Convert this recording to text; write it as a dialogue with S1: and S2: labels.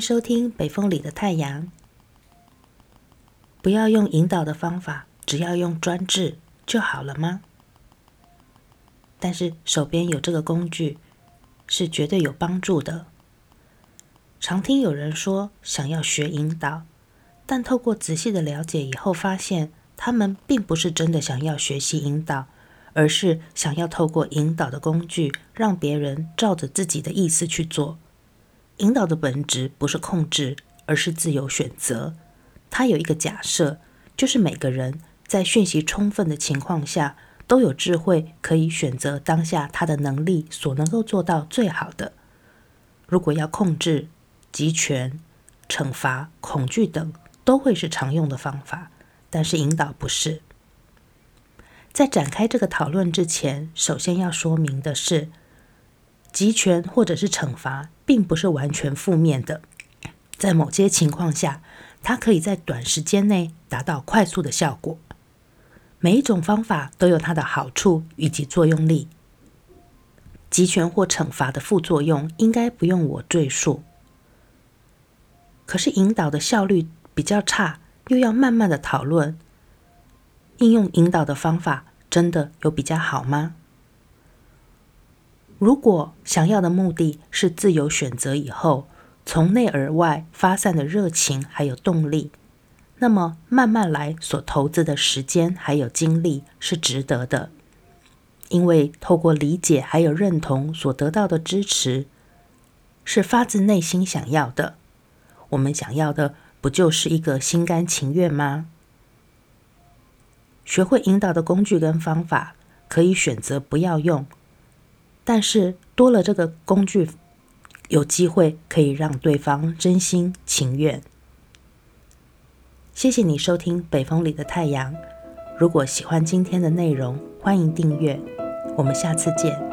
S1: 收聽北風裡的太陽。不要用引導的方法，只要用專制就好了嗎？但是手邊有這個工具是絕對有幫助的。常聽有人說想要學引導，但透過仔細的了解以後，發現他們並不是真的想要學習引導，而是想要透過引導的工具，讓別人照着自己的意思去做。引導的本質不是控制，而是自由選擇。它有一個假設，就是每個人在訊息充分的情況下，都有智慧可以選擇當下他的能力所能夠做到最好的。如果要控制、極權、懲罰、恐懼等，都會是常用的方法，但是引導不是。在展開這個討論之前，首先要說明的是，集權或者是懲罰，並不是完全負面的，在某些情況下，它可以在短時間內達到快速的效果。每一種方法都有它的好處以及作用力。集權或懲罰的副作用應該不用我贅述。可是引導的效率比較差，又要慢慢的討論。應用引導的方法真的有比較好嗎？如果想要的目的是自由選擇以後，從內而外發散的熱情還有動力，那麼慢慢來，所投資的時間還有精力是值得的，因為透過理解還有認同所得到的支持，是發自內心想要的。我們想要的不就是一個心甘情願嗎？學會引導的工具跟方法，可以選擇不要用。但是多了這個工具，有機會可以讓對方真心情願。謝謝你收聽《北風裡的太陽》，如果喜歡今天的內容，歡迎訂閱。我們下次見。